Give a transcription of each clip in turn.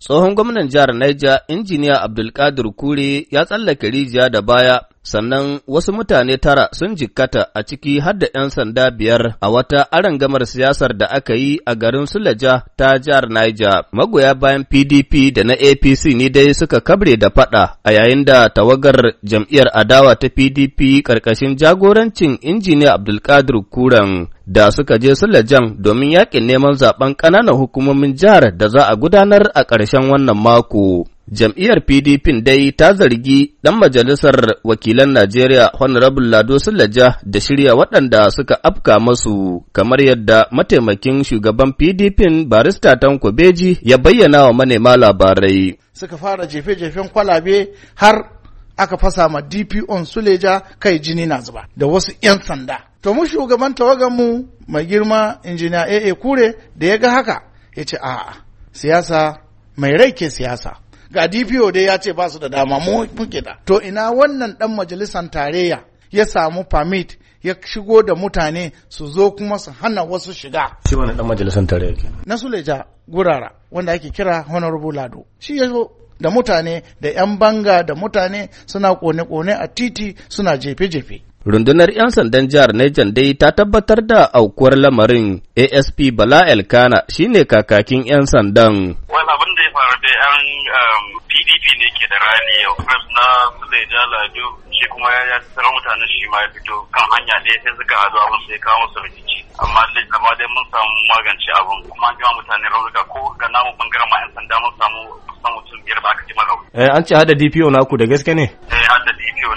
Tsohon gwamnan jihar Niger, injiniya Abdulkadir Kure ya tsallake rijiya da baya, sannan wasu mutane tara sun jikkata a ciki har da ‘yan sanda biyar a wata gamar siyasar da aka yi a garin Sulaja ta jihar Niger. Magoya bayan PDP da na APC ne dai suka kabre da fada a yayin da tawagar jam'iyyar adawa ta PDP ƙarƙashin jagorancin injiniya Abdulkadir Kuren da suka je sulajan domin yakin neman zaben ƙananan hukumomin jihar da za a gudanar a ƙarshen wannan mako. Jam'iyyar PDP dai ta zargi ɗan majalisar wakilan Najeriya Honorable Lado Sulaja da shirya waɗanda suka afka masu kamar yadda mataimakin shugaban PDP barista Tanko Beji ya bayyana wa manema labarai. Suka fara jefe-jefen kwalabe har aka fasa ma DPO Suleja kai jini na zuba da wasu 'yan sanda. To mu shugaban mu mai girma injiniya AA Kure da ya ga haka ya ce a'a siyasa mai rai ke siyasa. Ga DPO dai ya ce ba su da dama mu muke da. To ina wannan dan majalisar tarayya ya samu permit ya shigo da mutane su zo kuma su hana wasu shiga. Shi wani dan majalisar tarayya ke. Na Suleja Gurara wanda ake kira Honorable Lado. Shi ya zo da mutane da 'yan banga da mutane suna kone-kone a titi suna jefe-jefe. Rundunar 'yan sandan jihar Niger dai ta tabbatar da aukuwar lamarin ASP Bala Elkana shine kakakin 'yan sandan. Wani abin da ya faru da 'yan PDP um, ne ke da rani yau, na Sule Jalado shi kuma ya tsara mutanen shi ma ya fito kan hanya da ya sai suka hazo abin sai kawo musu rikici. Amma dai mun samu magance abin kuma an jima mutane raunuka ko ga namu bangaren ma 'yan sanda mun samu eh an ce hada DPO na ku da gaske ne eh hada DPO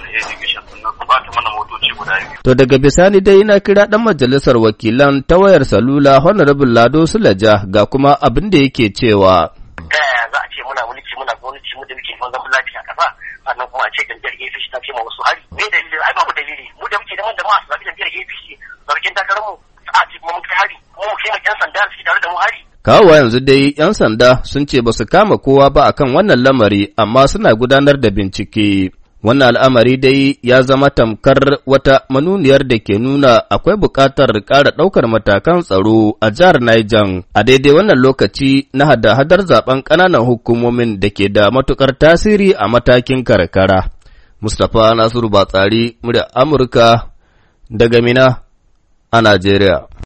na motoci guda to daga bisani dai na kira ɗan majalisar wakilan ta wayar salula honorable Lado Sulaja ga kuma abin da yake cewa ta yaya za a ce muna mulki muna gwamnati mu da muke zaman lafiya kasa nan kuma a ce gangar APC ta ce ma wasu hari hari. Kawo yanzu dai 'yan sanda sun ce ba su kama kowa ba akan wannan lamari amma suna gudanar da bincike. Wannan al'amari dai ya zama tamkar wata manuniyar da ke nuna akwai buƙatar ƙara ɗaukar matakan tsaro a jihar Niger a daidai wannan lokaci na hada-hadar zaben ƙananan hukumomin da ke da matuƙar tasiri a matakin karkara. Mustapha Nasiru Batsari, murya Amurka daga Mina a Najeriya.